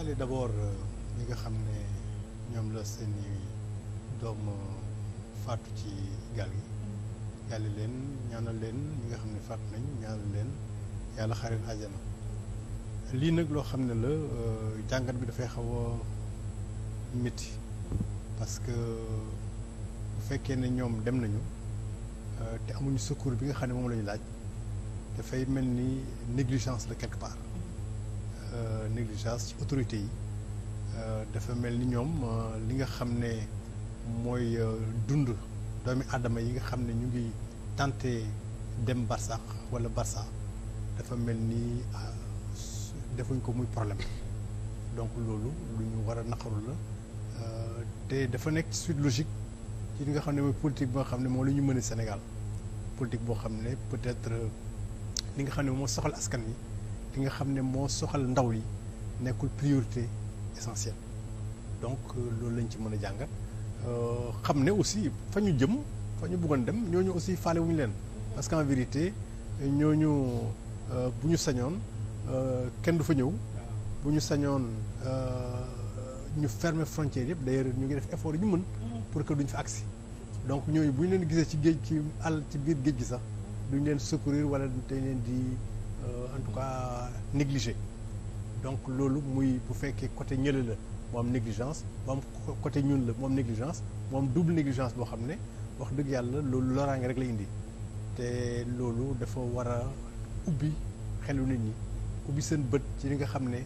jaale d' abord euh, ñi nga xam ne ñoom la seen i doom faatu ci gaal gi yàlla leen leen ñi nga xam ne faatu nañ ñaanal leen yàlla xareen àjjana lii nag loo xam ne la euh, jàngat bi dafay xaw a métti parce que bu fekkee ne ñoom dem nañu euh, te amuñu secours bi nga xam ne moom la ñu laaj dafay mel ni négligence la quelque part Euh, négligence ci autorité yi euh, dafa mel ni ñoom euh, li nga xam ne mooy dund doomi aadama yi nga xam ne ñu ngi tenté dem barsax wala barsa dafa mel nii ni defuñ ko muy problème donc loolu lu ñu war a naqaru la te dafa nekk suite logique ci li nga xam ne mooy politique boo xam ne moo lu ñu mën Sénégal politique boo xam ne peut-être li nga xam ne moo soxal askan wi li nga xam ne moo soxal ndaw yi nekkul priorité essentielle donc euh, loolu lañ ci mën a jàngat euh, xam ne aussi fa ñu jëm fa ñu bëggoon dem ñooñu aussi faale wuñu leen parce qu'en vérité ñoo ñu euh, bu ñu sañoon kenn du fa ñëw bu ñu sañoon ñu fermer frontière yëpp d'ailleurs ñu ngi def effort yu ñu mën pour que ñu fa agsi donc ñooñu bu ñu leen gisee ci géej ci àll ci biir géej gi sax duñ leen secourir wala dañ leen di Euh, en tout cas négligé donc loolu muy bu fekkee côté ñële la moom négligence moom côté ñun la moom négligence moom double négligence boo xam ne wax dëgg yàlla loolu loraange rek la indi te loolu dafa war a ubbi xelu nit ñi ubbi seen bët ci li nga xam ne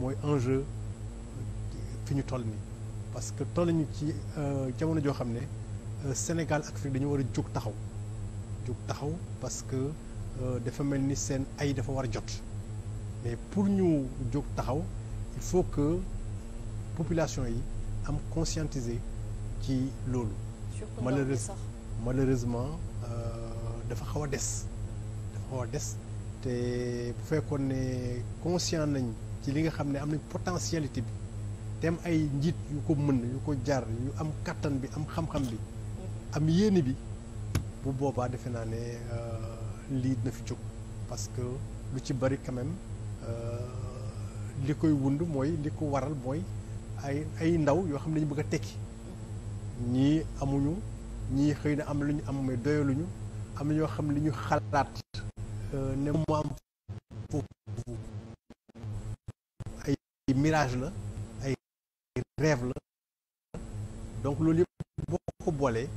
mooy enjeu fi ñu toll nii parce que toll ñu ci euh, jamono joo xam ne euh, Sénégal ak Afrique dañu war a jóg taxaw jóg taxaw parce Euh, dafa mel ni seen ay dafa war a jot mais pour ñu jóg taxaw il faut que population yi am conscientiser ci loolu. malheureusement malheureusement dafa xaw a des. dafa xaw a des te bu fekkoon ne conscient nañ ci li nga xam ne am nañ potentialité bi te am ay njiit yu ko mën yu ko jar yu am kattan bi am xam-xam bi. Mm-hmm. am yéene bi bu boobaa defe naa ne. Euh, lii na fi jóg parce que lu ci bari quand même euh, li koy wund mooy li ko waral mooy ay ay ndaw yoo xam ne dañu bëgg a tekki ñii amuñu ñii xëy na am lu ñu am mais doyaluñu am na ñoo xam ne ñu xalaat euh, ne mu am foofu ay mirage la ay rêve la donc loolu yëpp boo ko boolee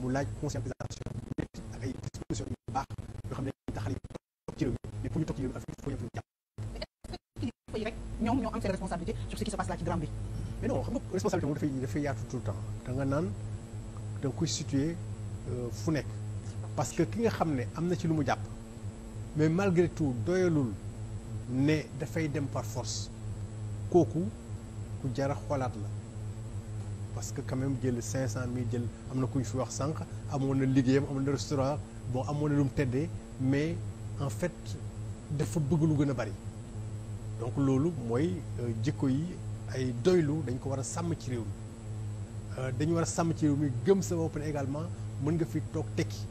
mu laaj conscientisation ak ay dispositions yu baax pour ñu toog ci affaire il faut ñu am rek ñoom ñoo am da nga naan euh, fu nekk parce que ki nga xam ne am na ci lu mu jàpp mais malgré tout doyalul ne dafay dem par force kooku ku jara xoolaat la parce que quand même cent 500000 jël am na ku ñu fi wax sànq amoon na liggéeyam amoon na restaurant bon amoon na lu mu teddee mais en fait dafa bëgg lu gën a bari donc loolu mooy euh, jikko yi ay doylu dañ ko war a sàmm ci réew mi euh, dañu war a sàmm ci réew mi gëm sa bopp ne également mën nga fi toog tekki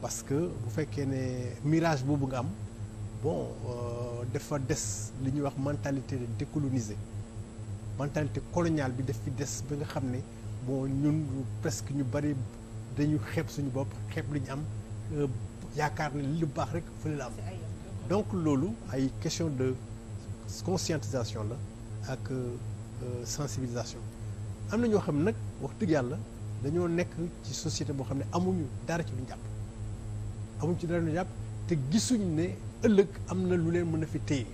parce que bu fekkee ne mirage boobu nga am bon euh, dafa des li ñuy wax mentalité décolonisée mentalité colonial bi daf fi des ba nga xam ne bon ñun presque ñu bari dañu xeeb suñu bopp xeeb li ñu am yaakaar ne li lu baax rek fële la am donc loolu ay question de conscientisation la ak euh, sensibilisation am na ñoo xam nag wax dëgg yàlla dañoo nekk ci société boo xam ne amuñu dara ci lu ñu jàpp amuñu ci dara lu ñu jàpp te gisuñu ne ëllëg am na lu leen mën a fi téye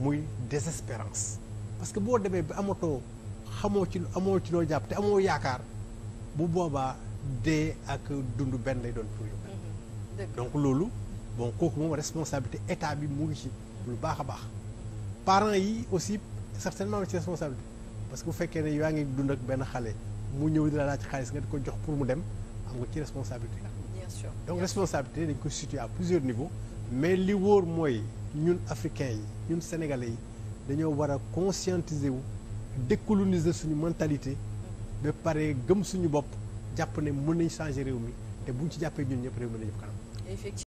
muy désespérance parce que boo demee bi amatoo xamoo ci amoo ci loo jàpp te amoo yaakaar bu boobaa dee ak dundu benn lay doon pour yow mm-hmm. donc loolu bon kooku moom responsabilité état bi mu ngi ci lu baax a baax parent yi aussi certainement am ci responsabilité parce que bu fekkee ne yaa ngi dund ak benn xale mu ñëw di la laaj xaalis nga di ko jox pour mu dem am nga ci responsabilité bien donc responsabilité dañ ko situer à plusieurs niveaux mais li wóor mooy ñun africains yi ñun sénégalais yi dañoo war a conscientiser wu décoloniser suñu mentalité ba pare gëm suñu bopp jàpp ne mën nañ changé réew mi te buñ ci jàppee ñun ñëpp réew mi nañu